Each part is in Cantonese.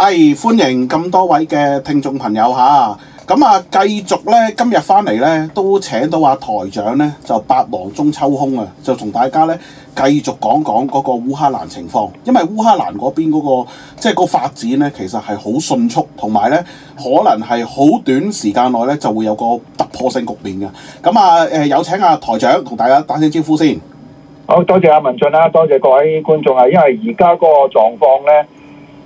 哎，歡迎咁多位嘅聽眾朋友嚇，咁啊繼、啊、續咧，今日翻嚟咧都請到阿、啊、台長咧，就百忙中抽空啊，就同大家咧繼續講講嗰個烏克蘭情況，因為烏克蘭嗰邊嗰個即係個發展咧，其實係好迅速，同埋咧可能係好短時間內咧就會有個突破性局面嘅。咁啊誒、啊，有請阿、啊、台長同大家打聲招呼先。好多謝阿文俊啦，多謝各位觀眾啊，因為而家嗰個狀況咧。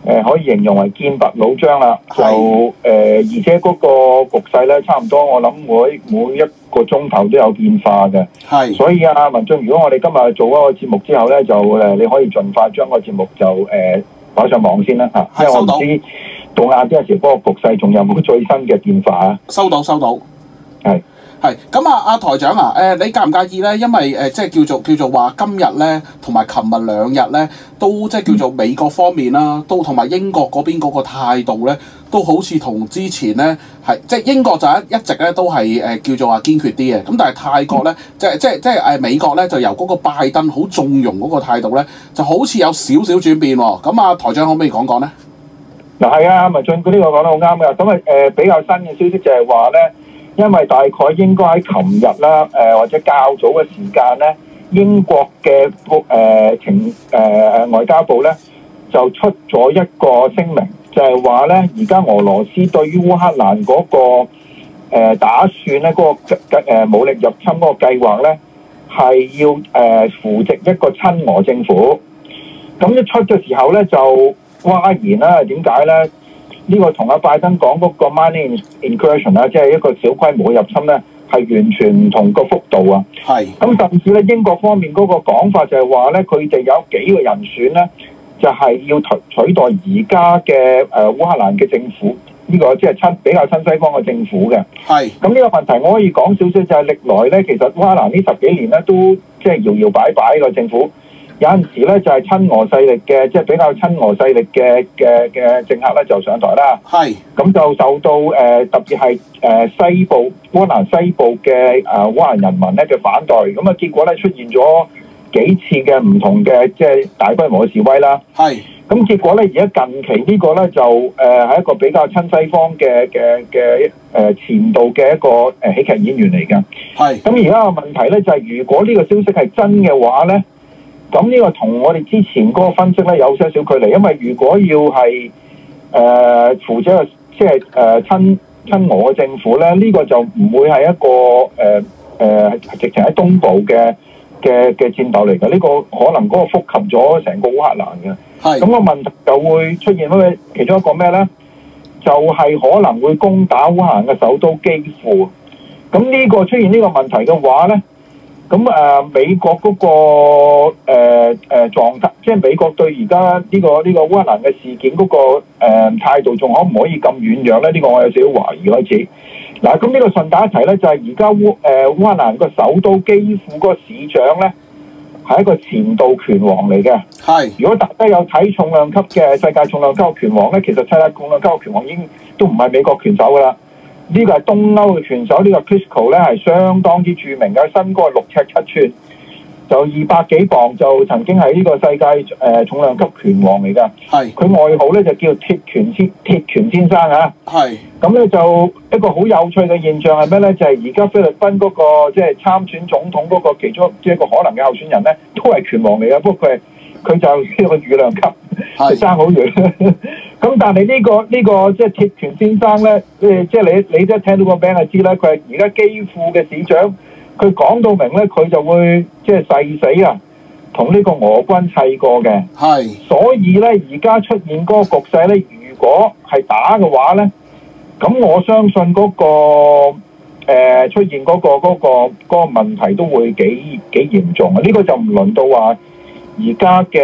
誒、呃、可以形容為堅白老張啦，是就誒、呃、而且嗰個局勢咧，差唔多我諗每每一個鐘頭都有變化嘅，係是。所以啊，文進，如果我哋今日做一個節目之後咧，就誒你可以盡快將個節目就誒擺、呃、上網先啦嚇，是因為我唔知道到晏啲嗰時嗰個局勢仲有冇最新嘅變化啊。收到，收到。係。係咁啊，阿台長啊，誒、呃、你介唔介意咧？因為誒、呃、即係叫做叫做話今日咧，同埋琴日兩日咧，都即係叫做美國方面啦、啊，都同埋英國嗰邊嗰個態度咧，都好似同之前咧係即係英國就一一直咧都係誒、呃、叫做話堅決啲嘅。咁但係泰國咧、嗯，即係即係即係誒美國咧，就由嗰個拜登好縱容嗰個態度咧，就好似有少少轉變喎。咁、哦、啊，台長可唔可以講講咧？嗱係啊，文進哥呢個講得好啱㗎。咁啊誒比較新嘅消息就係話咧。因為大概應該喺琴日啦，誒、呃、或者較早嘅時間咧，英國嘅國、呃、情誒、呃、外交部咧就出咗一個聲明，就係話咧而家俄羅斯對於烏克蘭嗰、嗰個、呃、打算咧嗰、嗰個、呃、武力入侵嗰個計劃咧係要誒、呃、扶植一個親俄政府。咁一出嘅時候咧就嘩然啦，點解咧？呢個同阿拜登講嗰個 minor incursion 啦，即係一個小規模嘅入侵呢係完全唔同個幅度啊。係是。咁甚至呢，英國方面嗰個講法就係話呢佢哋有幾個人選呢就係要取代而家嘅誒烏克蘭嘅政府，呢、這個即係親比較親西方嘅政府嘅。係是。咁呢個問題我可以講少少就係歷來呢，其實烏克蘭呢十幾年呢，都即係搖搖擺擺個政府。有陣時咧就係、是、親俄勢力嘅，即、就、係、是、比較親俄勢力嘅嘅嘅政客咧就上台啦。係咁是 就受到誒、呃、特別係誒、呃、西部烏克蘭西部嘅誒烏克蘭人民咧嘅反對，咁啊結果咧出現咗幾次嘅唔同嘅即係大規模嘅示威啦。係咁是 結果咧而家近期個呢個咧就誒係、呃、一個比較親西方嘅嘅嘅誒前度嘅一個誒喜劇演員嚟㗎。係咁而家嘅問題咧就係、是、如果呢個消息係真嘅話咧。咁呢個同我哋之前嗰個分析咧有些少距離，因為如果要係誒、呃、扶即係即係誒親親俄嘅政府咧，呢、這個就唔會係一個誒誒、呃呃、直情喺東部嘅嘅嘅戰鬥嚟嘅，呢、這個可能嗰個覆及咗成個烏克蘭嘅。咁是的 個問題就會出現乜嘢？其中一個咩咧？就係、是、可能會攻打烏克蘭嘅首都基輔。咁呢個出現呢個問題嘅話咧？咁啊、呃，美國嗰、那個誒誒、呃呃、狀態，即係美國對而家呢個呢、這個烏克蘭嘅事件嗰、那個誒、呃、態度，仲可唔可以咁軟弱咧？呢、這個我有少少懷疑開始。嗱、呃，咁呢個順帶一提咧，就係而家烏誒烏克蘭個首都基輔個市長咧，係一個前度拳王嚟嘅。係是。如果特登有睇重量級嘅世界重量級拳王咧，其實世界重量級拳王已經都唔係美國拳手㗎喇。呢個係東歐嘅拳手，呢個 Crisco 咧係相當之著名嘅，身高係六尺七寸，就二百幾磅，就曾經係呢個世界誒、呃、重量級拳王嚟㗎。係佢是外號咧就叫鐵拳先鐵拳先生啊。係咁咧就一個好有趣嘅現象係咩咧？就係而家菲律賓嗰、那個即係參選總統嗰個其中一個可能嘅候選人咧，都係拳王嚟㗎，不過佢係。佢就呢個雨量級，爭好是很遠。咁 但係呢、這個呢、這個即係鐵拳先生咧，即係即係你你都聽到那個名字就知啦。佢係而家基輔嘅市長，佢講到明咧，佢就會即係誓死啊！同呢個俄軍砌過嘅，係是。所以咧，而家出現嗰個局勢咧，如果係打嘅話咧，咁我相信嗰、那個、呃、出現嗰、那個嗰、那個嗰、那個、問題都會幾幾嚴重啊！呢、這個就唔輪到話。而家嘅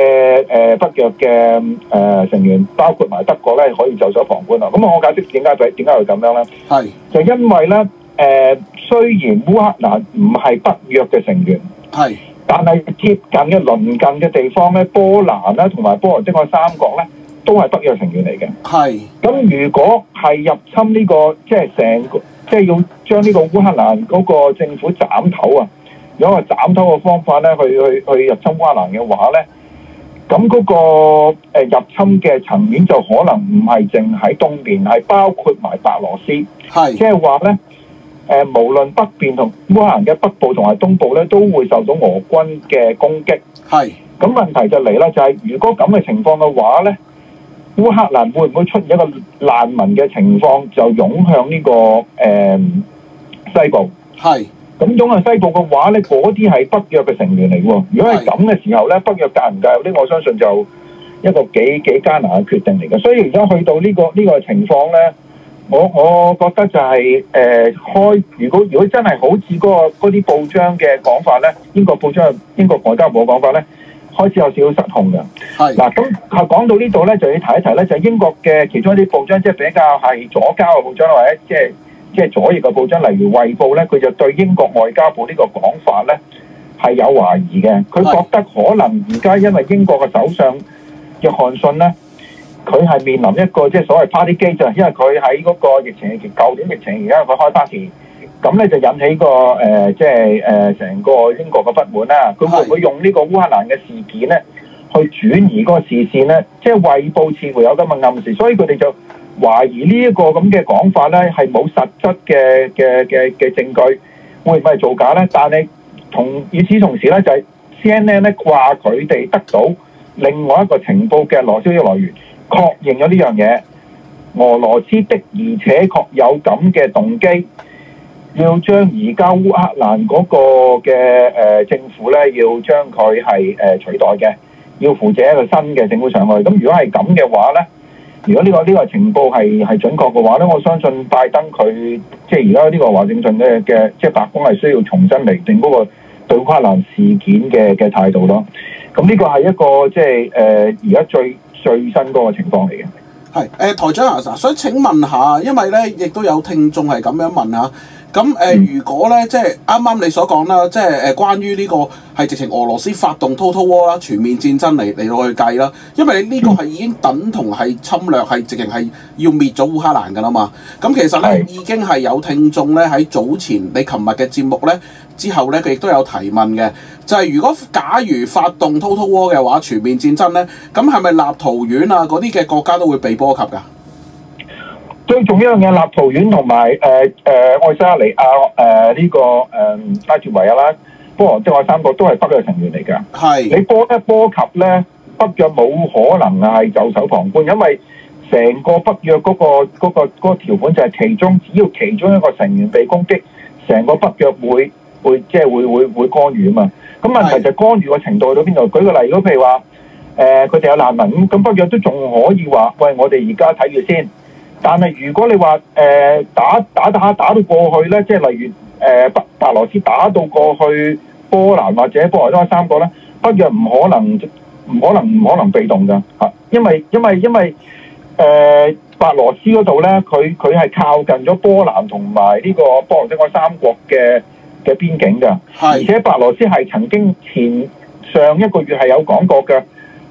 誒北約嘅誒成員，包括埋德國咧，可以就咗旁觀啦。咁啊，我解釋點解仔點解會咁樣咧？係是就因為咧誒，雖然烏克蘭唔係北約嘅成員，係是，但係接近嘅鄰近嘅地方咧，波蘭啦同埋波羅的海三國咧，都係北約成員嚟嘅。係是。咁如果係入侵呢個，即係成個，即係要將呢個烏克蘭嗰個政府斬頭啊！如果係斬偷嘅方法咧，去去去入侵烏克蘭嘅話咧，咁嗰個誒入侵嘅層面就可能唔係淨喺東邊，係包括埋白羅斯。係，即係話咧誒，無論北邊同烏克蘭嘅北部同埋東部咧，都會受到俄軍嘅攻擊。係。咁問題就嚟啦，就係如果咁嘅情況嘅話咧，烏克蘭會唔會出現一個難民嘅情況，就湧向呢個誒西部？係。咁總係西部嘅話咧，嗰啲係北約嘅成員嚟嘅喎。如果係咁嘅時候咧，是的 北約介唔介入咧，我相信就一個幾幾艱難嘅決定嚟嘅。所以而家去到呢、這個呢、這個情況咧，我我覺得就係、是、誒、呃、開。如果如果真係好似嗰啲報章嘅講法咧，英國報章、英國外交部嘅講法咧，開始有少少失控嘅。係嗱是的，咁講到呢度咧，就要提一提咧，就是、英國嘅其中一啲報章，即、就、係、是、比較係左膠嘅報章，或者即係。即係左翼嘅報章，例如《衛報》咧，佢就對英國外交部這個呢個講法咧係有懷疑嘅。佢覺得可能而家因為英國嘅首相約翰遜咧，佢係面臨一個即係所謂 partygate 因為佢喺嗰個疫情期、舊年疫情，而家佢開 party，咁咧就引起個誒即係誒成個英國嘅不滿啦。佢會唔會用呢個烏克蘭嘅事件咧去轉移嗰個視線咧？即係《衛報》似乎有咁嘅暗示，所以佢哋就。懷疑呢一個咁嘅講法呢係冇實質嘅嘅嘅嘅證據，會唔會係造假呢？但係同與此同時呢，就係 CNN 呢話佢哋得到另外一個情報嘅羅消息來源，確認咗呢樣嘢，俄羅斯的而且確有咁嘅動機，要將而家烏克蘭嗰個嘅誒政府呢，要將佢係誒取代嘅，要扶植一個新嘅政府上去。咁如果係咁嘅話呢？如果呢、這個呢、這個情報係係準確嘅話咧，我相信拜登佢即係而家呢個華盛頓咧嘅，即係白宮係需要重新嚟定嗰個對烏克蘭事件嘅嘅態度咯。咁呢個係一個即係誒而家最最新嗰個情況嚟嘅。係誒台長啊，想請問下，因為咧亦都有聽眾係咁樣問啊。咁誒、呃，如果咧即係啱啱你所講啦，即係誒關於呢個係直情俄羅斯發動 total war 啦，全面戰爭嚟嚟到去計啦，因為呢個係已經等同係侵略，係直情係要滅咗烏克蘭噶啦嘛。咁其實咧是已經係有聽眾咧喺早前你琴日嘅節目咧之後咧，佢亦都有提問嘅。就係如果假如發動 total war 嘅話，全面戰爭咧，咁係咪立陶宛啊嗰啲嘅國家都會被波及噶？最重要一樣嘢，立陶宛同埋誒誒愛沙尼亞誒呢個誒拉脫維亞啦，波羅即係我三個都係北約成員嚟㗎。係，你波一波及咧，北約冇可能係袖手旁觀，因為成個北約嗰個嗰個嗰個條款就係其中，只要其中一個成員被攻擊，成個北約會會即係會會會干預啊嘛。咁問題就係干預個程度去到邊度？舉個例子，如果譬如話，誒佢哋有難民咁，咁北約都仲可以話，喂，我哋而家睇住先看看。但係如果你話，誒、呃、打打打打到過去咧，即係例如，誒、呃、白白羅斯打到過去波蘭或者波羅的海三國咧，北約唔可能唔可能唔可能被動㗎嚇，因為因為因為誒白羅斯嗰度咧，佢佢係靠近咗波蘭同埋呢個波羅的海三國嘅。嘅邊境㗎，是而且白羅斯係曾經前上一個月係有講過嘅，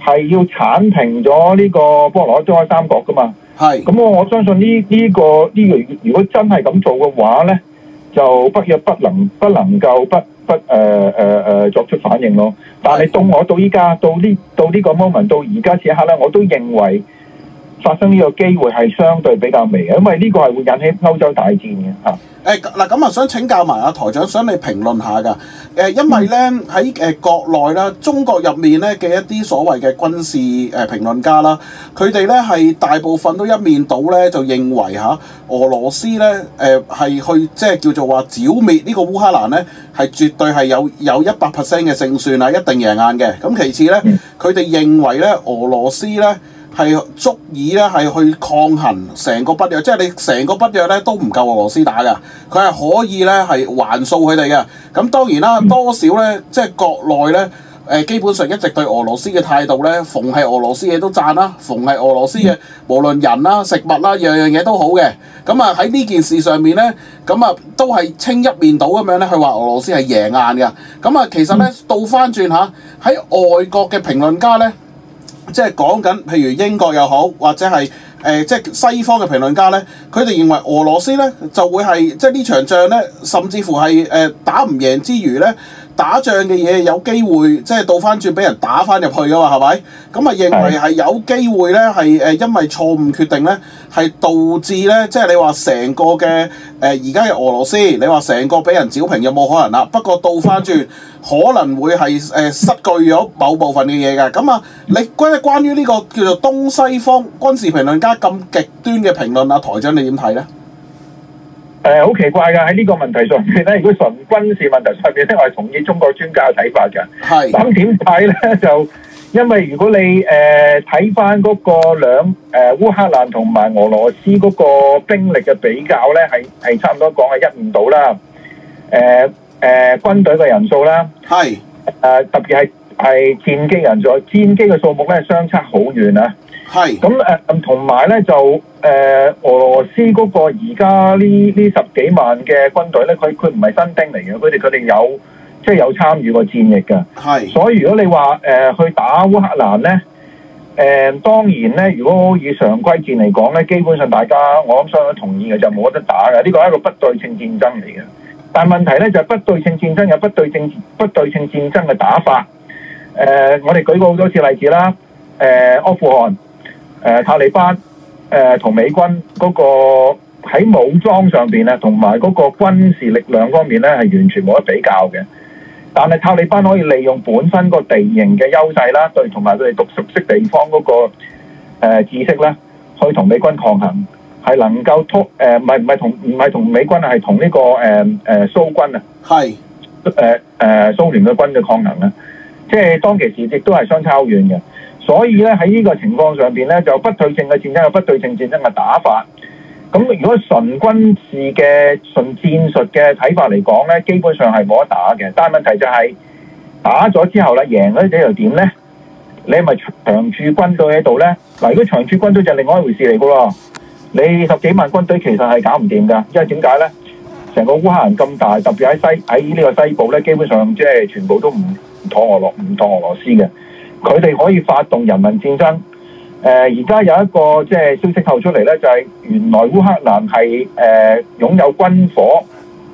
係要剷平咗呢個波羅的海三國㗎嘛，係是。咁我我相信呢呢個呢個，如果真係咁做嘅話呢，就不若不能不能夠不不誒誒、呃呃、作出反應咯。但係到我到依家到呢到呢個 moment 到而家此刻呢，我都認為，發生呢個機會係相對比較微嘅，因為呢個係會引起歐洲大戰嘅嚇。誒嗱咁啊、呃，想請教埋阿台長，想你評論一下㗎。誒、呃，因為呢，喺誒、呃、國內啦，中國入面呢嘅一啲所謂嘅軍事誒、呃、評論家啦，佢哋呢係大部分都一面倒呢，就認為嚇、啊、俄羅斯呢誒係、呃、去即係叫做話剿滅呢個烏克蘭呢，係絕對係有有一百 percent 嘅勝算啊，一定贏硬嘅。咁其次呢，佢哋、嗯、認為呢俄羅斯呢。係足以咧，係去抗衡成個北約，即係你成個北約咧都唔夠俄羅斯打噶，佢係可以咧係還數佢哋嘅。咁當然啦，多少咧，即係國內咧，誒基本上一直對俄羅斯嘅態度咧，逢係俄羅斯嘢都讚啦，逢係俄羅斯嘅無論人啦、啊、食物啦、啊，樣樣嘢都好嘅。咁啊喺呢件事上面咧，咁啊都係清一面倒咁樣咧，佢話俄羅斯係贏硬嘅。咁啊其實咧倒翻轉嚇，喺外國嘅評論家咧。即係講緊，譬如英國又好，或者係呃、即係西方嘅評論家呢，佢哋認為俄羅斯呢就會係即係呢場仗呢，甚至乎係、呃、打唔贏之餘呢。打仗嘅嘢有機會即係倒翻轉俾人打翻入去噶嘛，係咪？咁啊，認為係有機會咧，係因為錯誤決定咧，係導致咧，即係你話成個嘅而家係俄羅斯，你話成個俾人剿平有冇可能啦、啊。不過倒翻轉可能會係、呃、失據咗某部分嘅嘢㗎。咁啊，你關關於呢個叫做東西方軍事評論家咁極端嘅評論啊，台長你點睇咧？誒，好奇怪噶！喺呢個問題上面咧，如果純軍事問題上面咧，我係同意中國專家嘅睇法嘅。係咁點睇咧？就因為如果你誒睇翻嗰個兩誒烏克蘭同埋俄羅斯嗰個兵力嘅比較咧，係係差唔多講係一五度啦。誒誒，軍隊嘅人數啦，係誒特別係係戰機人數，戰機嘅數目咧，相差好遠啊！係咁誒，同埋咧就，誒、呃，俄羅斯嗰個而家呢呢十幾萬嘅軍隊咧，佢佢唔係新兵嚟嘅，佢哋佢哋有即係、就是、有參與過戰役嘅。係是，所以如果你話誒、呃、去打烏克蘭咧，誒、呃、當然咧，如果以常規戰嚟講咧，基本上大家我諗相同意嘅，就冇、是、得打嘅。呢個係一個不對稱戰爭嚟嘅。但問題咧就係、是、不對稱戰爭有不對稱不對稱戰爭嘅打法。誒、呃，我哋舉過好多次例子啦。誒、呃，阿富汗。誒、呃、塔利班誒同、呃、美軍嗰個喺武裝上邊咧，同埋嗰個軍事力量方面咧，係完全冇得比較嘅。但係塔利班可以利用本身個地形嘅優勢啦，對，同埋佢哋讀熟悉地方嗰、嗰個、呃、知識啦，去同美軍抗衡，係能夠突誒，唔係唔係同唔係同美軍啊，係同呢個誒誒、呃、蘇軍啊，係誒誒蘇聯嘅軍嘅抗衡啦。即係當其時亦都係相差好遠嘅。所以咧，喺呢個情況上邊咧，就有不對稱嘅戰爭，有不對稱戰爭嘅打法。咁如果純軍事嘅、純戰術嘅睇法嚟講咧，基本上係冇得打嘅。但係問題就係、是、打咗之後啦，贏咗呢啲又點咧？你咪長駐軍隊喺度咧？嗱，如果長駐軍隊就另外一回事嚟噶咯。你十幾萬軍隊其實係搞唔掂㗎，因為點解咧？成個烏克蘭咁大，特別喺西喺呢個西部咧，基本上即係全部都唔妥俄羅，唔妥俄羅斯嘅。佢哋可以發動人民戰爭。誒，而家有一個即係消息透出嚟咧，就係原來烏克蘭係誒擁有軍火，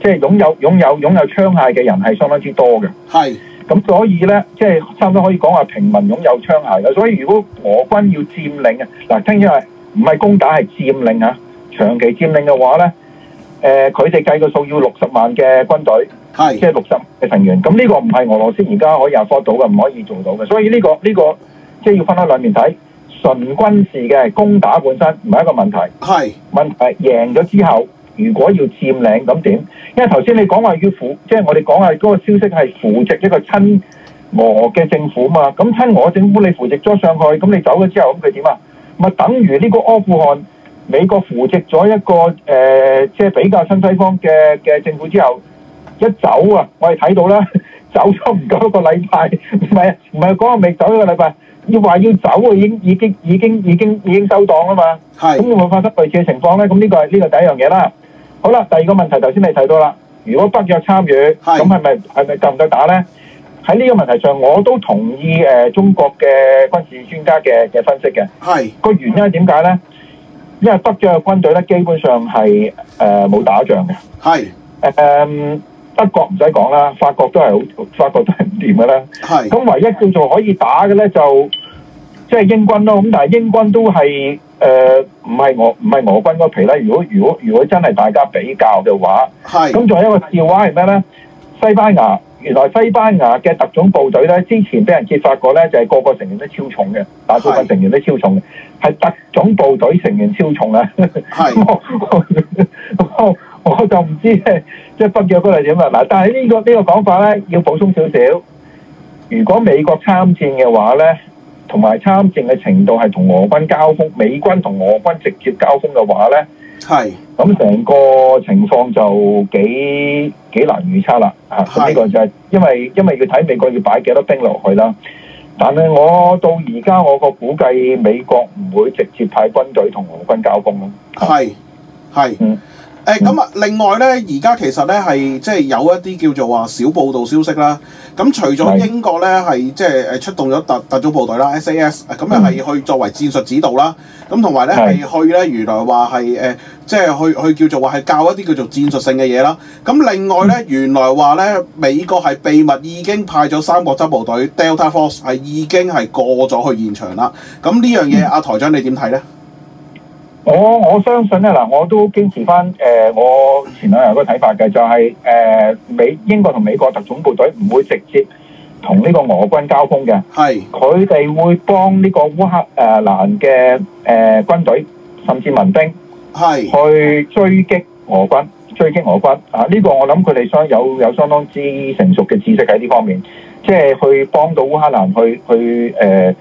即係擁有擁有擁有槍械嘅人係相當之多嘅。係。咁所以咧，即係差唔多可以講話平民擁有槍械。所以如果俄軍要佔領啊，嗱，聽住，唔係攻打係佔領啊，長期佔領嘅話咧，誒，佢哋計個數要六十萬嘅軍隊。即係六十嘅成員，咁呢個唔係俄羅斯而家可以 a 科到嘅，唔可以做到嘅。所以呢、這個呢、這個即係、就是、要分開兩面睇，純軍事嘅攻打本身唔係一個問題。係是問題贏咗之後，如果要佔領咁點？因為頭先你講話要扶，即、就、係、是、我哋講係嗰個消息係扶植一個親俄嘅政府嘛。咁親俄政府你扶植咗上去，咁你走咗之後，咁佢點啊？咪等於呢個阿富汗美國扶植咗一個即係、呃就是、比較新西方嘅嘅政府之後。一走啊，我哋睇到啦，走咗唔夠一個禮拜，唔係唔係嗰個未走一個禮拜，要話要走啊，已經已經已經已經已經收檔啊嘛。係是。咁會唔會發生類似嘅情況咧？咁呢個係呢個第一樣嘢啦。好啦，第二個問題，頭先你睇到啦，如果北約參與，咁係咪係咪夠唔夠打咧？喺呢個問題上，我都同意誒、呃、中國嘅軍事專家嘅嘅分析嘅。係是。個原因點解咧？因為北約嘅軍隊咧基本上係誒冇打仗嘅。係是。誒、呃德國唔使講啦，法國都係好，法國都係唔掂嘅啦。係是。咁唯一叫做可以打嘅咧，就即係、就是、英軍咯。咁但係英軍都係誒，唔、呃、係俄唔係俄軍嗰皮啦。如果如果如果真係大家比較嘅話，係是。咁仲有一個笑話係咩咧？西班牙原來西班牙嘅特種部隊咧，之前俾人揭發過咧，就係、是、個個成員都超重嘅，大部分成員都超重嘅，係是特種部隊成員超重啊！係是。 我我就唔知道。北約嗰度點啊？但係、這個這個、呢個呢個講法咧，要補充少少。如果美國參戰嘅話咧，同埋參戰嘅程度係同俄軍交鋒，美軍同俄軍直接交鋒嘅話咧，係咁成個情況就幾幾難預測啦。吓，咁呢個就係因為因為要睇美國要擺幾多兵落去啦。但係我到而家我個估計，美國唔會直接派軍隊同俄軍交鋒咯。係係是 是 嗯。咁啊！嗯、另外咧，而家其實咧係即係有一啲叫做話小報道消息啦。咁除咗英國咧係即係出動咗特特種部隊啦 SAS，S A、嗯、S，咁又係去作為戰術指導啦。咁同埋咧係去咧原來話係即係去去叫做話係教一啲叫做戰術性嘅嘢啦。咁另外咧、嗯、原來話咧美國係秘密已經派咗三角洲部隊、嗯、Delta Force 係已經係過咗去現場啦。咁呢樣嘢，阿、嗯啊、台長你點睇咧？我我相信咧，嗱，我都堅持翻誒，我前兩日嗰個睇法嘅，就係誒美英國同美國特種部隊唔會直接同呢個俄軍交鋒嘅，係佢哋會幫呢個烏克誒蘭嘅誒軍隊甚至民兵係去追擊俄軍，追擊俄軍啊！呢個我諗佢哋相有有相當之成熟嘅知識喺呢方面，即係去幫到烏克蘭去去誒。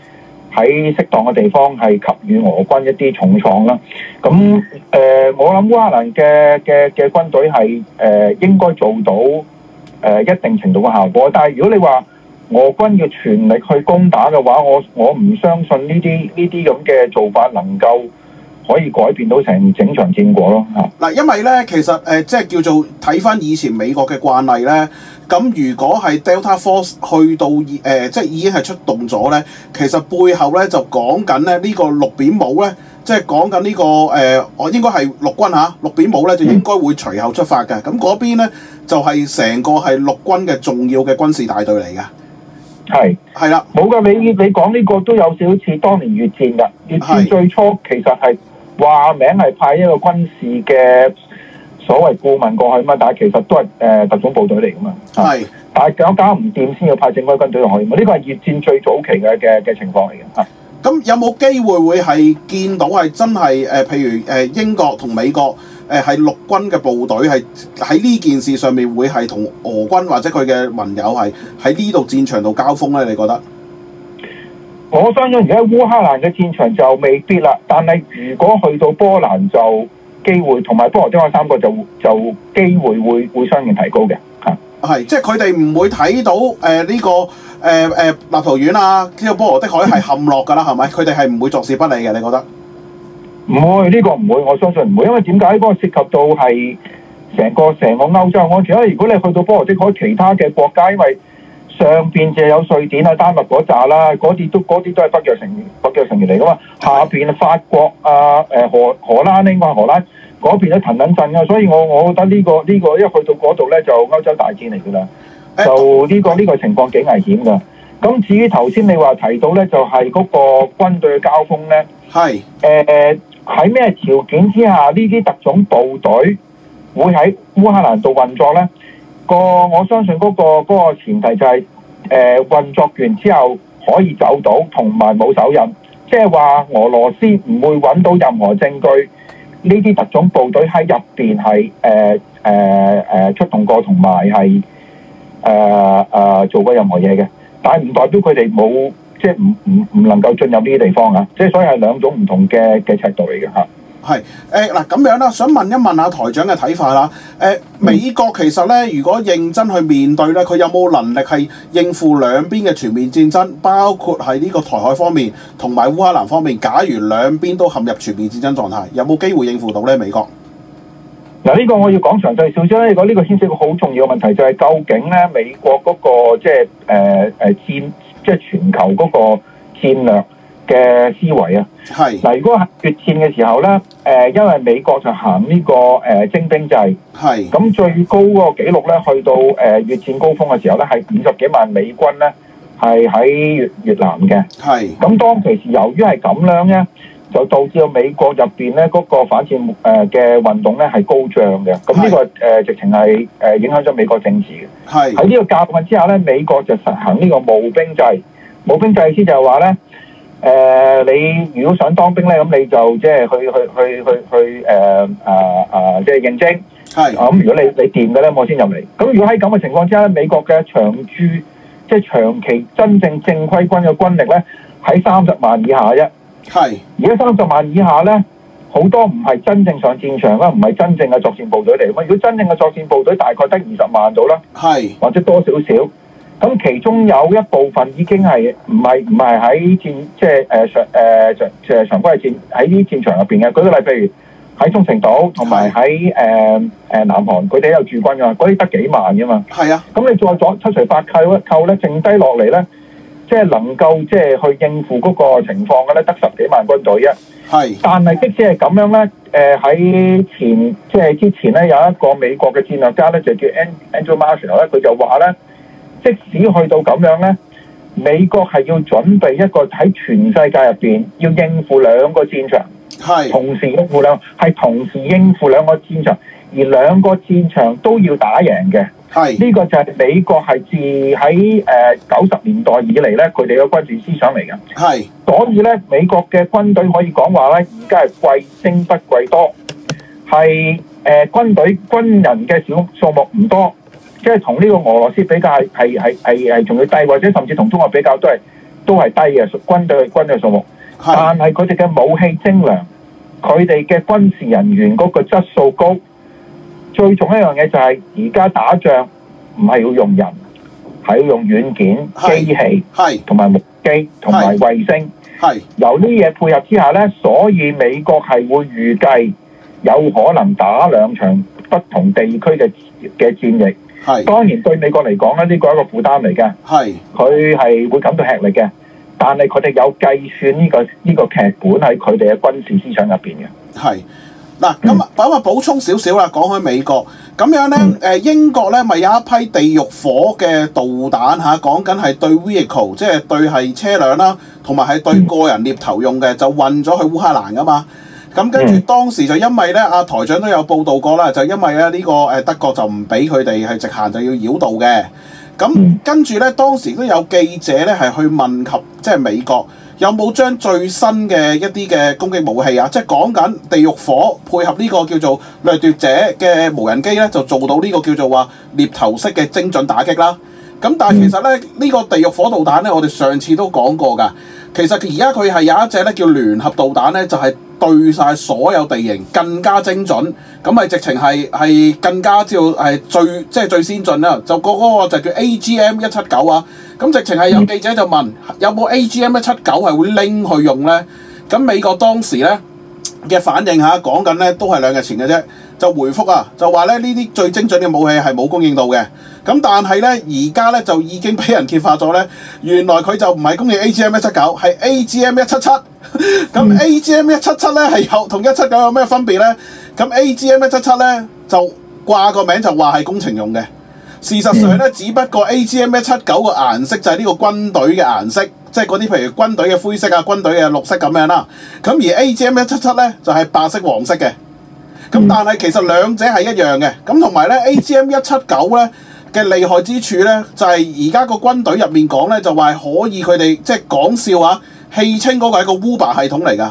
喺適當嘅地方係給予俄軍一啲重創啦。咁誒、呃，我諗烏克蘭嘅嘅嘅軍隊係誒、呃、應該做到誒、呃、一定程度嘅效果。但係如果你話俄軍要全力去攻打嘅話，我我唔相信呢啲呢啲咁嘅做法能夠。可以改變到成整，整場戰果咯。嗱，因為咧，其實誒、呃，即係叫做睇翻以前美國嘅慣例咧。咁如果係 Delta Force 去到誒、呃，即係已經係出動咗咧，其實背後咧就講緊咧呢個綠扁帽咧，即係講緊呢個誒，我、呃、應該係陸軍嚇，綠、啊、扁帽咧就應該會隨後出發嘅。咁嗰、嗯、邊咧就係、是、成個係陸軍嘅重要嘅軍事大隊嚟㗎。係係啦，冇㗎了，你你講呢個都有少少似當年越戰㗎。越戰最初其實係。話名係派一個軍事嘅所謂顧問過去嘛，但係其實都係誒、呃、特種部隊嚟噶嘛。係是，但係搞搞唔掂先要派正規軍隊落去。呢個係越戰最早期嘅嘅嘅情況嚟嘅。嚇、啊，咁有冇機會會係見到係真係誒、呃，譬如誒、呃、英國同美國誒係、呃呃、陸軍嘅部隊係喺呢件事上面會係同俄軍或者佢嘅盟友係喺呢度戰場度交鋒咧？你覺得？我相信而家烏克蘭嘅戰場就未必啦，但係如果去到波蘭就機會，同埋波羅的海三個就就機會會會相應提高嘅。嚇，係即係佢哋唔會睇到誒呢個誒誒立陶宛啊，呢個波羅的海係陷落㗎啦，係咪，嗯？佢哋係唔會坐視不理嘅。你覺得？唔會呢個唔會，我相信唔會，因為點解？因為個涉及到係成個成個歐洲我覺得。因為如果你去到波羅的海其他嘅國家，因為上邊就有瑞典、嗰啲嗰啲嗰啲啊、丹麥嗰扎啦，嗰啲都啲都係北約成北約成員嚟噶嘛？下邊法國啊、誒荷荷蘭呢個荷蘭嗰邊都騰緊陣啊。所以我我覺得呢個呢個一去到嗰度咧就歐洲大戰嚟噶啦，就呢個呢個情況幾危險噶。咁至於頭先你話提到咧，就係嗰個軍隊嘅交鋒咧，係誒喺咩條件之下呢啲特種部隊會喺烏克蘭度運作咧？個我相信嗰個嗰個前提就係，誒運作完之後可以走到，同埋冇手印，即係話俄羅斯唔會揾到任何證據，呢啲特種部隊喺入邊係誒誒誒出動過，同埋係誒誒做過任何嘢嘅，但係唔代表佢哋冇即係唔唔唔能夠進入呢啲地方啊！即係所以係兩種唔同嘅嘅尺度嚟嘅嚇。係，誒嗱咁樣啦，想問一問阿台長嘅睇法啦。誒、呃、美國其實咧，如果認真去面對咧，佢有冇能力係應付兩邊嘅全面戰爭，包括係呢個台海方面同埋烏克蘭方面？假如兩邊都陷入全面戰爭狀態，有冇機會應付到咧？美國？嗱，呢個我要講詳細少少咧。如、這、呢個牽涉一個好重要嘅問題，就係、是、究竟咧美國嗰、那個即係誒誒戰，即係、呃、全球嗰個戰略嘅思維啊。係是。嗱，如果決戰嘅時候咧？誒，因為美國就行呢個誒徵兵制，係咁最高嗰個記錄咧，去到誒越戰高峰嘅時候咧，係五十幾萬美軍咧係喺越越南嘅，係咁當其時由於係咁樣咧，就導致到美國入邊咧嗰個反戰誒嘅運動咧係高漲嘅，咁呢個誒直情係誒影響咗美國政治嘅，係喺呢個教訓之下咧，美國就實行呢個募兵制，募兵制意思就話咧。誒、呃，你如果想當兵咧，咁你就即係去去去去去誒誒誒，即係應徵。咁是如果你你掂嘅咧，我先入嚟。咁如果喺咁嘅情況之下咧，美國嘅長駐即係長期真正正規軍嘅軍力咧，喺三十萬以下啫。係是。而家三十萬以下咧，好多唔係真正上戰場啦，唔係真正嘅作戰部隊嚟。如果真正嘅作戰部隊，大概得二十萬到啦。是或者多少少。咁其中有一部分已經係唔係唔係喺戰，即係誒常誒常常規戰喺戰場入邊嘅。舉個例，譬如喺沖繩島同埋喺誒誒南韓，佢哋有駐軍㗎嘛，嗰啲得幾萬㗎嘛。係是啊，咁你再左七除八扣一扣咧，剩低落嚟咧，即係能夠即係去應付嗰個情況嘅咧，得十幾萬軍隊啫。係。是啊、但係即使係咁樣咧，誒、呃、喺前即係之前咧，有一個美國嘅戰略家咧，就叫 Andrew Marshall 咧，佢就話咧。即使去到咁樣呢，美國係要準備一個喺全世界入邊要應付兩個戰場，是同時應付兩，係同時應付兩個戰場，而兩個戰場都要打贏嘅。呢是個就係美國係自喺誒九十年代以嚟呢，佢哋嘅軍事思想嚟嘅。是所以呢，美國嘅軍隊可以講話呢，而家係貴精不貴多，係誒、呃、軍隊軍人嘅小數目唔多。即係同呢個俄羅斯比較，係係係係係仲要低，或者甚至同中國比較都係都係低嘅軍隊嘅軍隊數目，但係佢哋嘅武器精良，佢哋嘅軍事人員嗰個質素高。最重要一樣嘢就係而家打仗唔係要用人，係要用軟件、機器、係同埋目機、同埋衛星，係由呢嘢配合之下咧，所以美國係會預計有可能打兩場不同地區嘅嘅戰役。係，當然對美國嚟講咧，呢個係一個負擔嚟嘅。係，佢係會感到吃力嘅，但係佢哋有計算呢個呢個劇本喺佢哋嘅軍事思想入邊嘅。係，嗱咁咁啊補充少少啦，講開美國咁樣咧，誒英國咧咪有一批地獄火嘅導彈嚇，講緊係對 vehicle，即係對係車輛啦，同埋係對個人獵頭用嘅，就運咗去烏克蘭噶嘛。咁跟住當時就因為咧，阿台長都有報道過啦，就因為咧呢、呢個德國就唔俾佢哋去直行，就要繞道嘅。咁跟住咧，當時都有記者咧係去問及即係美國有冇將最新嘅一啲嘅攻擊武器啊，即係講緊地獄火配合呢個叫做掠奪者嘅無人機咧，就做到呢個叫做話獵頭式嘅精準打擊啦。咁但係其實咧，呢、呢個地獄火導彈咧，我哋上次都講過㗎。其實而家佢係有一隻咧叫聯合導彈咧，就係、是、對晒所有地形更加精準。咁係直情係係更加之道最即係、就是、最先進啦。就個嗰個就叫 A G M 一七九啊，咁直情係有記者就問、嗯、有冇 A G M 一七九係會拎去用咧？咁美國當時咧嘅反應嚇講緊咧都係兩日前嘅啫。就回覆啊，就話咧呢啲最精準嘅武器係冇供應到嘅。咁但係呢，而家呢，就已經俾人揭發咗呢。原來佢就唔係供應 A G M 一七九，係 A G M 一七七。咁 A G M 一七七呢，係有同一七九有咩分別呢？咁 A G M 一七七呢，就掛個名就話係工程用嘅。事實上呢，嗯、只不過 A G M 一七九個顏色就係呢個軍隊嘅顏色，即係嗰啲譬如軍隊嘅灰色啊、軍隊嘅綠色咁樣啦。咁而 A G M 一七七呢，就係白色黃色嘅。咁、嗯、但係其實兩者係一樣嘅，咁同埋咧 AGM 一七九咧嘅厲害之處咧，就係而家個軍隊入面講咧，就話可以佢哋即係講笑啊，戲稱嗰個係個 Uber 系統嚟㗎。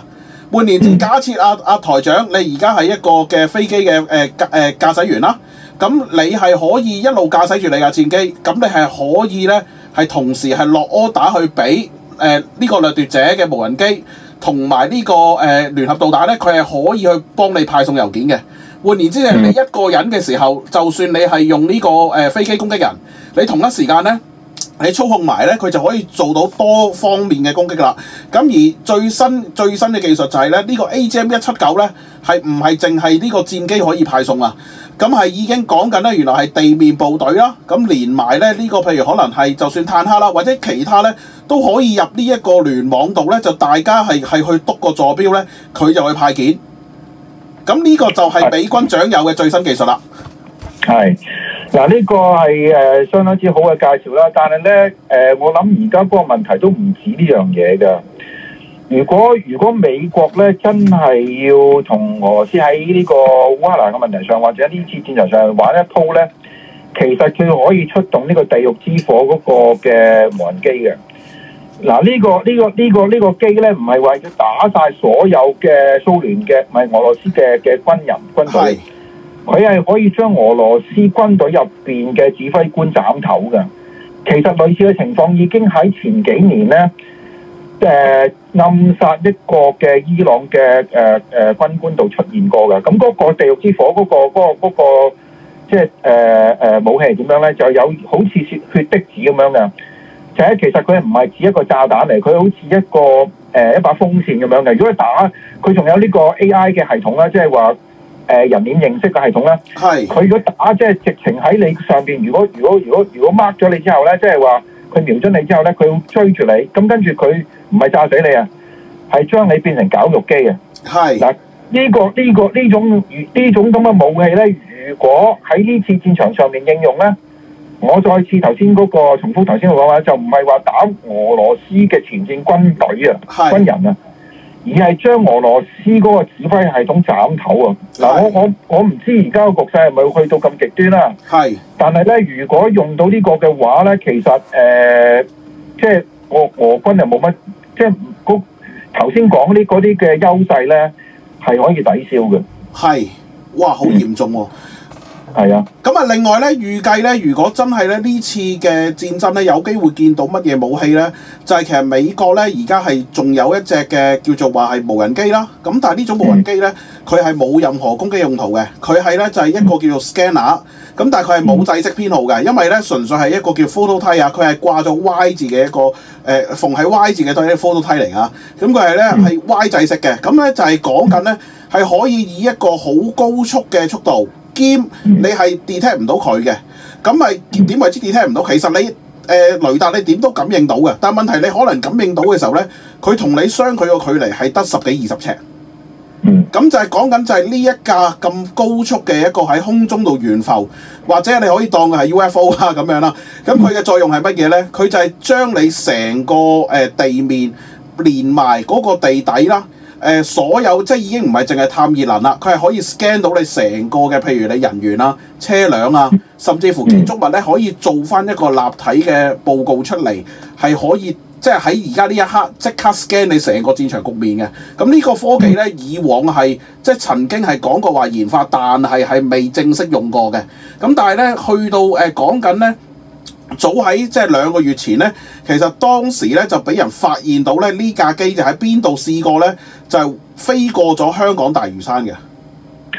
半年前假設阿、啊啊、台長，你而家係一個嘅飛機嘅誒誒駕駛員啦、啊，咁你係可以一路駕駛住你架戰機，咁你係可以咧係同時係落 order 去俾呢、啊呢個掠奪者嘅無人機。同埋呢個誒、呃、聯合導彈呢佢係可以去幫你派送郵件嘅。換言之，你一個人嘅時候，就算你係用呢個誒、呃、飛機攻擊人，你同一時間咧，你操控埋咧，佢就可以做到多方面嘅攻擊啦。咁而最新最新嘅技術就係、是、咧，這個、呢個 AGM 一七九咧，係唔係淨係呢個戰機可以派送啊？咁係已經講緊咧，原來係地面部隊啦。咁連埋咧呢、這個，譬如可能係就算坦克啦，或者其他咧都可以入呢一個聯網度咧，就大家係係去篤個座標咧，佢就去派件。咁呢個就係美軍掌有嘅最新技術啦。係。嗱，呢個係誒、呃、相當之好嘅介紹啦，但係呢，誒、呃，我諗而家嗰個問題都唔止呢樣嘢㗎。如果如果美國呢真係要同俄羅斯喺呢個烏克蘭嘅問題上，或者呢次戰場上玩一鋪呢，其實佢可以出動呢個地獄之火嗰個嘅無人機嘅。嗱、呃，這個這個這個這個、呢個呢個呢個呢個機呢，唔係為咗打晒所有嘅蘇聯嘅，唔係俄羅斯嘅嘅軍人軍隊。佢係可以將俄羅斯軍隊入邊嘅指揮官斬頭嘅。其實類似嘅情況已經喺前幾年呢，誒、呃、暗殺一個嘅伊朗嘅誒誒軍官度出現過嘅。咁嗰個地獄之火嗰、嗰個嗰即係武器點樣嘅呢？就有好似血血滴子咁樣嘅。就係、是、其實佢唔係指一個炸彈嚟，佢好似一個誒、呃、一把風扇咁樣嘅。如果打佢仲有呢個 AI 嘅系統啦，即係話。誒人面認識嘅系統啦，係佢。是如果打即係直情喺你上邊，如果如果如果如果 mark 咗你之後咧，即係話佢瞄準你之後咧，佢會追住你，咁跟住佢唔係炸死你啊，係將你變成絞肉機啊，係。嗱，呢個呢個呢種呢種咁嘅武器咧，如果喺呢次戰場上面應用咧，我再次頭先嗰個重複頭先我講話，就唔係話打俄羅斯嘅前線軍隊啊，是軍人啊，而係將俄羅斯嗰個指揮系統斬頭啊！嗱，我我我唔知而家個局勢係咪去到咁極端啦？係。但係咧，如果用到呢個嘅話咧，其實誒、呃，即係俄俄軍又冇乜，即係啱頭先講呢嗰啲嘅優勢咧，係可以抵消嘅。係。哇！好嚴重喎、啊。嗯係啊，咁啊、嗯、另外咧，預計咧，如果真係咧呢這次嘅戰爭咧，有機會見到乜嘢武器咧，就係、是、其實美國咧而家係仲有一隻嘅叫做話係無人機啦。咁但係呢種無人機咧，佢係冇任何攻擊用途嘅，佢係咧就係、是、一個叫做 scanner。咁但係佢係冇製式編號嘅，因為咧純粹係一個叫 prototype 啊，佢係掛咗 Y 字嘅一個誒縫喺 Y 字嘅都係 prototype 嚟啊。咁佢係咧係 Y 製式嘅，咁咧就係講緊咧係可以以一個好高速嘅速度。兼你係 detect 唔到佢嘅，咁咪點為之 detect 唔到？其實你、呃、雷達你點都感應到嘅，但問題你可能感應到嘅時候呢，佢同你相距嘅距離係得十幾二十尺。咁就係講緊就係呢一架咁高速嘅一個喺空中度懸浮，或者你可以當佢係 UFO 啊咁樣啦。咁佢嘅作用係乜嘢呢？佢就係將你成個地面連埋嗰個地底啦。誒、呃、所有即係已經唔係淨係探熱能啦，佢係可以 scan 到你成個嘅，譬如你人員啊、車輛啊，甚至乎建築物咧，可以做翻一個立體嘅報告出嚟，係可以即係喺而家呢一刻即刻 scan 你成個戰場局面嘅。咁呢個科技咧，以往係即係曾經係講過話研發，但係係未正式用過嘅。咁但係咧，去到誒講緊咧。呃早喺即係兩個月前咧，其實當時咧就俾人發現到咧呢這架機就喺邊度試過咧，就係飛過咗香港大嶼山嘅。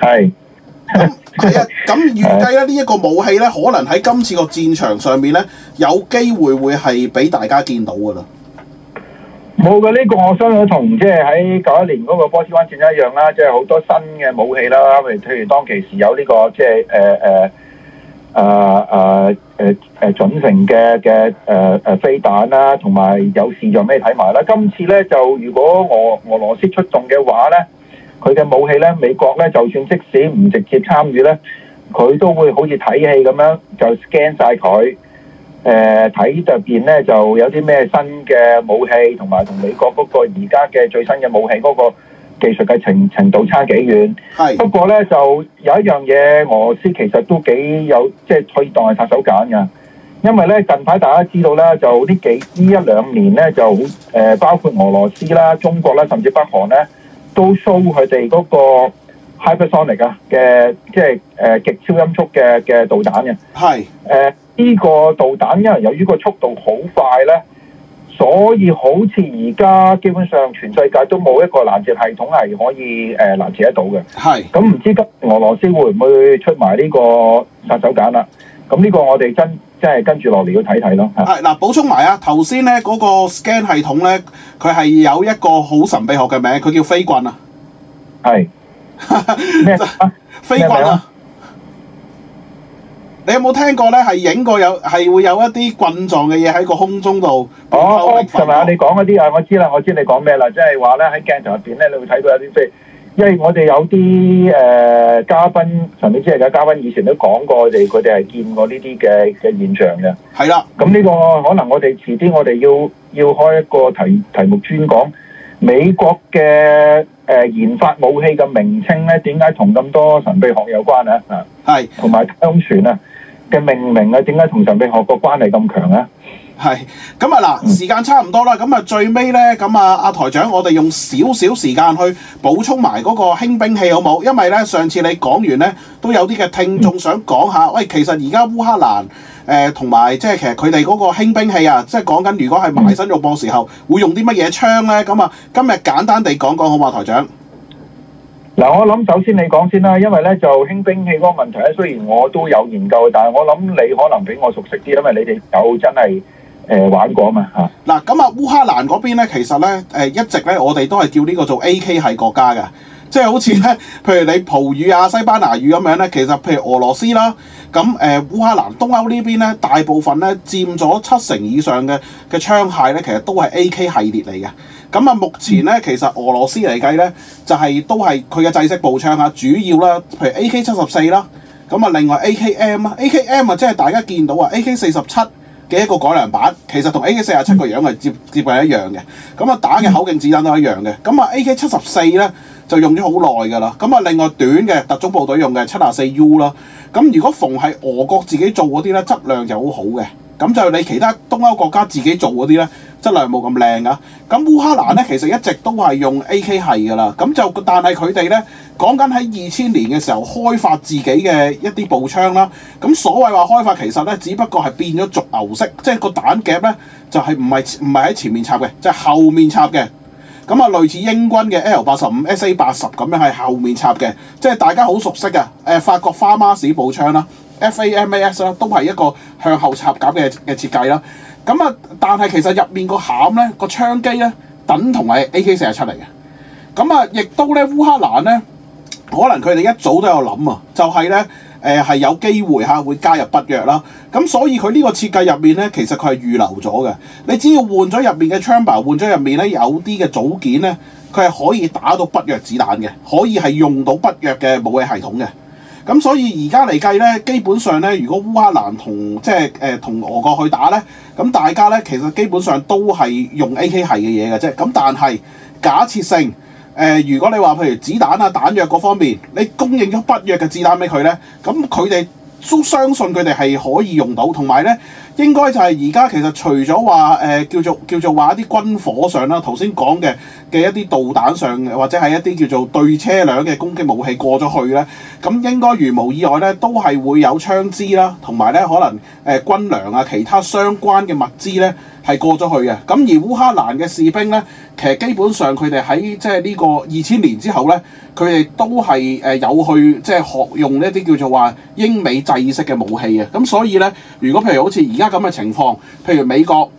係是。咁 啊，咁預計咧呢一、呃、個武器咧，可能喺今次個戰場上面咧，有機會會係俾大家見到噶啦。冇噶，呢、這個我相信同即係喺九一年嗰個波斯灣戰一樣啦，即係好多新嘅武器啦。譬如，當其時有呢、這個即係誒誒。就是呃呃誒誒誒誒準成嘅嘅誒誒飛彈啦，同埋有事就咩睇埋啦。今次咧就如果俄俄羅斯出動嘅話咧，佢嘅武器咧，美國咧就算即使唔直接參與咧，佢都會好似睇戲咁樣就 scan 曬佢，誒睇着邊咧就有啲咩新嘅武器，同埋同美國嗰個而家嘅最新嘅武器嗰個。技術嘅程程度差幾遠，係是不過咧就有一樣嘢，俄羅斯其實都幾有即係可以當係殺手鐧㗎，因為咧近排大家知道咧就呢幾呢一兩年咧就誒、呃、包括俄羅斯啦、中國啦，甚至北韓咧都 show 佢哋嗰個 hypersonic 嘅即係誒、就是呃、極超音速嘅嘅導彈嘅，係誒呢個導彈因為由於個速度好快咧。所以好似而家基本上全世界都冇一個攔截系統係可以誒攔截得到嘅。咁唔是知今俄羅斯會唔會出埋呢個殺手鐧啦、啊？咁呢個我哋真即係跟住落嚟要睇睇咯。係嗱、啊，補充埋啊，頭先咧嗰個 Scan 系統咧，佢係有一個好神秘學嘅名，佢叫飛棍啊。係是。咩 啊？飛棍啊！你有冇聽過咧？係影過有，係會有一啲棍狀嘅嘢喺個空中度。哦，係嘛？你講嗰啲啊，我知啦，我知你講咩啦，即係話咧，喺鏡頭入邊咧，你會睇到有啲即係，因為我哋有啲誒、呃、嘉賓，神秘之夜嘅嘉賓以前都講過他們，我哋佢哋係見過呢啲嘅嘅現象嘅。係啦的。咁呢、這個可能我哋遲啲我哋要要開一個題題目專講美國嘅誒、呃、研發武器嘅名稱咧，點解同咁多神秘學有關啊？啊的，係同埋香船啊。嘅命名啊，點解同長兵學個關係咁強呢？係咁啊。嗱，時間差唔多啦，咁啊最尾呢，咁啊阿台長，我哋用少少時間去補充埋嗰個輕兵器好冇？因為呢，上次你講完呢，都有啲嘅聽眾想講下，嗯、喂，其實而家烏克蘭誒同埋即係其實佢哋嗰個輕兵器啊，即係講緊如果係埋身肉搏時候會用啲乜嘢槍呢？」咁啊，今日簡單地講一講好嘛，台長。嗱，我諗首先你講先啦，因為咧就輕兵器嗰個問題咧，雖然我都有研究，但係我諗你可能比我熟悉啲，因為你哋有真係誒、呃、玩過啊嘛吓。嗱，咁啊烏克蘭嗰邊咧，其實咧誒一直咧我哋都係叫呢個做 AK 系國家嘅，即係好似咧，譬如你葡語啊、西班牙語咁樣咧，其實譬如俄羅斯啦，咁誒烏克蘭東歐呢邊咧，大部分咧佔咗七成以上嘅嘅槍械咧，其實都係 AK 系列嚟嘅。咁啊，目前咧其實俄羅斯嚟計咧，就係都係佢嘅制式步槍啊。主要啦，譬如 AK 七十四啦，咁啊，另外 AKM，AKM 啊，即係大家見到啊，AK 四十七嘅一個改良版，其實同 AK 四十七個樣係接接近一樣嘅。咁啊，打嘅口徑子彈都係一樣嘅。咁啊，AK 七十四咧就用咗好耐㗎啦。咁啊，另外短嘅特種部隊用嘅七廿四 U 啦。咁如果逢係俄國自己做嗰啲咧，質量就好好嘅。咁就你其他東歐國家自己做嗰啲咧，質量冇咁靚噶。咁烏克蘭咧，其實一直都係用 AK 系噶啦。咁就但係佢哋咧，講緊喺二千年嘅時候開發自己嘅一啲步槍啦。咁所謂話開發，其實咧只不過係變咗逐牛式，即係個彈夾咧就係唔係唔係喺前面插嘅，就係、是、後面插嘅。咁啊，類似英軍嘅 L 八十五、SA 八十咁樣係後面插嘅，即係大家好熟悉嘅。誒、呃，法國花瑪士步槍啦。FAMAS 啦，A M A、S，都係一個向後插攪嘅嘅設計啦。咁啊，但係其實入面個餡咧，個槍機咧，等同係 AK-47 嚟嘅。咁啊，亦都咧烏克蘭咧，可能佢哋一早都有諗啊，就係咧誒係有機會嚇會加入北約啦。咁所以佢呢個設計入面咧，其實佢係預留咗嘅。你只要換咗入面嘅 chamber，換咗入面咧有啲嘅組件咧，佢係可以打到北約子彈嘅，可以係用到北約嘅武器系統嘅。咁所以而家嚟計咧，基本上咧，如果烏克蘭同即係呃、同俄國去打咧，咁大家咧其實基本上都係用 A.K. 系嘅嘢嘅啫。咁但係假設性、呃、如果你話譬如子彈啊、彈藥嗰方面，你供應咗北約嘅子彈俾佢咧，咁佢哋都相信佢哋係可以用到，同埋咧。應該就係而家其實除咗話誒叫做叫做話一啲軍火上啦，頭先講嘅嘅一啲導彈上或者係一啲叫做對車輛嘅攻擊武器過咗去咧，咁應該如無意外咧，都係會有槍支啦，同埋咧可能誒、呃、軍糧啊，其他相關嘅物資咧。係過咗去嘅，咁而烏克蘭嘅士兵呢，其實基本上佢哋喺即係呢個二千年之後呢，佢哋都係誒、呃、有去即係、就是、學用呢啲叫做話英美制式嘅武器嘅，咁所以呢，如果譬如好似而家咁嘅情況，譬如美國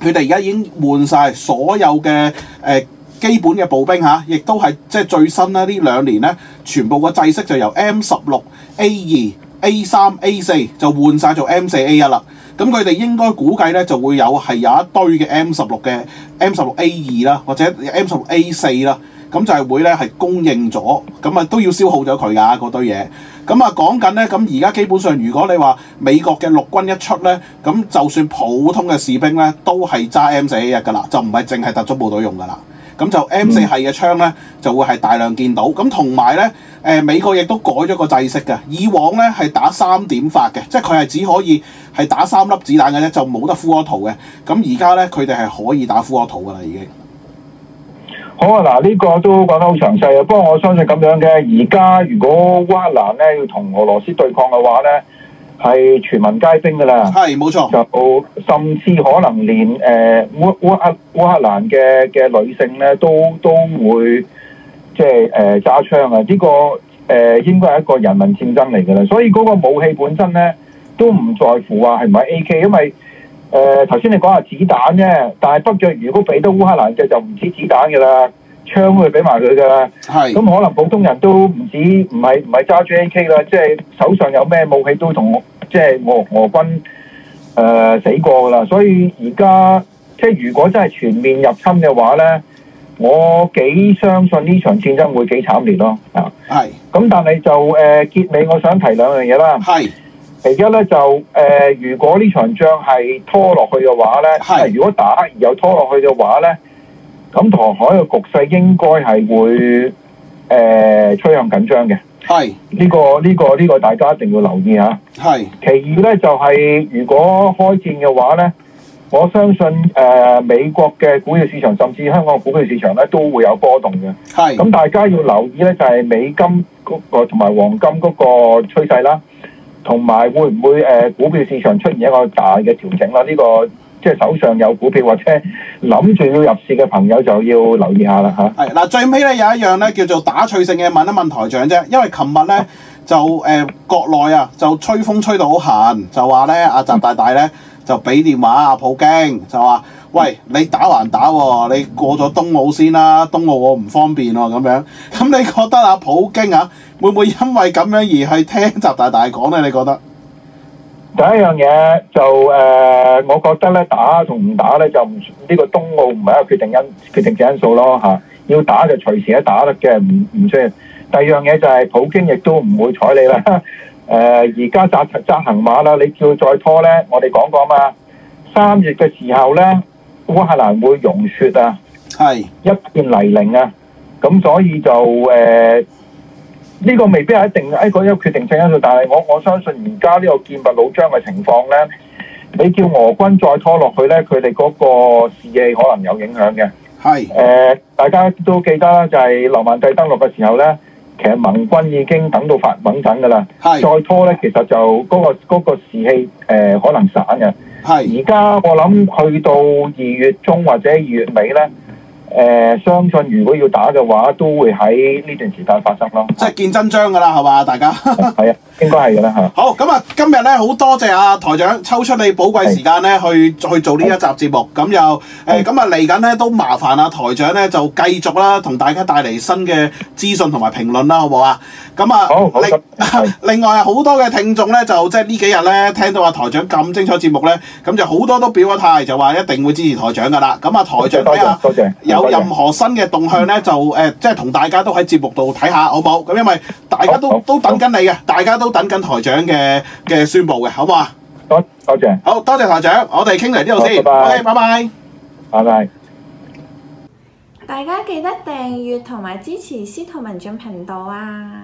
佢哋而家已經換晒所有嘅誒、呃、基本嘅步兵吓，亦都係即係最新啦呢兩年呢，全部個制式就由 M 十六 A 二。A 三 A 四就換晒做 M 四 A 一啦，咁佢哋應該估計咧就會有係有一堆嘅 M 十六嘅 M 十六 A 二啦，或者 M 十六 A 四啦，咁就係會咧係供應咗，咁啊都要消耗咗佢噶嗰堆嘢。咁啊講緊咧，咁而家基本上如果你話美國嘅陸軍一出咧，咁就算普通嘅士兵咧都係揸 M 四 A 一噶啦，就唔係淨係特種部隊用噶啦。咁就 M 四系嘅槍咧，就會係大量見到。咁同埋咧，誒、呃、美國亦都改咗個制式嘅。以往咧係打三點發嘅，即係佢係只可以係打三粒子彈嘅咧，就冇得 full auto 嘅。咁而家咧，佢哋係可以打 full auto 嘅啦。已經好啊！嗱，呢個都講得好詳細啊。不過我相信咁樣嘅，而家如果烏克蘭咧要同俄羅斯對抗嘅話咧。係全民皆兵噶啦，係冇錯。就甚至可能連誒烏烏克烏克蘭嘅嘅女性咧，都都會即係誒揸槍啊！呢、呃這個誒、呃、應該係一個人民戰爭嚟噶啦。所以嗰個武器本身咧，都唔在乎話係唔係 A K，因為誒頭先你講下子彈啫。但係北約如果俾到烏克蘭嘅，就唔止子彈噶啦，槍會俾埋佢噶啦。係咁是，可能普通人都唔止唔係唔係揸住 A K 啦，即係手上有咩武器都同。即係俄俄軍誒、呃、死過啦，所以而家即係如果真係全面入侵嘅話咧，我幾相信呢場戰爭會幾慘烈咯啊！係是。咁但係就誒、呃、結尾，我想提兩樣嘢啦。係是。第一咧就誒、呃，如果呢場仗係拖落去嘅話咧，係是。如果打而又拖落去嘅話咧，咁台海嘅局勢應該係會誒趨、呃、向緊張嘅。係呢是、這個呢、這個呢、這個大家一定要留意吓。係是。其二呢，就係、是、如果開戰嘅話呢，我相信誒、呃、美國嘅股票市場甚至香港嘅股票市場呢，都會有波動嘅。係是。咁大家要留意呢，就係、是、美金嗰個同埋黃金嗰個趨勢啦，同埋會唔會誒、呃、股票市場出現一個大嘅調整啦？呢、這個即係手上有股票或者諗住要入市嘅朋友就要留意下啦嚇。係、啊、嗱最尾咧有一樣咧叫做打趣性嘅問一問台長啫，因為琴日咧就誒、呃、國內啊就吹風吹到好痕，就話咧阿習大大咧、嗯、就俾電話阿普京就話：喂，你打還打喎、啊？你過咗冬奧先啦、啊，冬奧我唔方便喎、啊、咁樣。咁你覺得阿、啊、普京啊會唔會因為咁樣而去聽習大大講咧？你覺得？第一樣嘢就誒、呃，我覺得咧打同唔打咧就唔呢、這個冬奧唔係一個決定因決定性因素咯要打就隨時一打得嘅，唔唔算。第二樣嘢就係、是、普京亦都唔會睬你啦。誒而家扎扎行馬啦，你叫佢再拖咧，我哋講講,講嘛。三月嘅時候咧，烏克蘭會融雪啊，是一片泥濘啊，咁所以就誒。呃呢個未必係一定喺嗰、哎、一個決定性因素，但係我我相信而家呢個劍拔弩張嘅情況咧，你叫俄軍再拖落去咧，佢哋嗰個士氣可能有影響嘅。係是，誒、呃，大家都記得啦，就係諾曼第登陸嘅時候咧，其實盟軍已經等到發猛緊㗎啦。是再拖咧，其實就嗰、那個那個士氣誒、呃、可能散嘅。係是，而家我諗去到二月中或者二月尾咧。誒，相信如果要打嘅話，都會喺呢段時間發生咯，即係見真章㗎啦，係嘛？大家係啊，應該係㗎啦嚇。好，咁啊，今日咧好多謝啊台長抽出你寶貴時間咧去去做呢一集節目，咁又誒咁啊嚟緊咧都麻煩啊台長咧就繼續啦，同大家帶嚟新嘅資訊同埋評論啦，好唔好啊？咁啊，好，好。另外好多嘅聽眾咧，就即係呢幾日咧聽到啊台長咁精彩節目咧，咁就好多都表咗態，就話一定會支持台長㗎啦。咁啊，台長，多謝，多謝，有。任何新嘅動向咧，就誒，即係同大家都喺節目度睇下，好唔好？咁因為大家都都等緊你嘅，大家都等緊台長嘅嘅宣佈嘅，好唔好啊？多多謝，好多謝台長，我哋傾嚟呢度先，OK，拜拜，拜拜。大家記得訂閱同埋支持司徒文進頻道啊！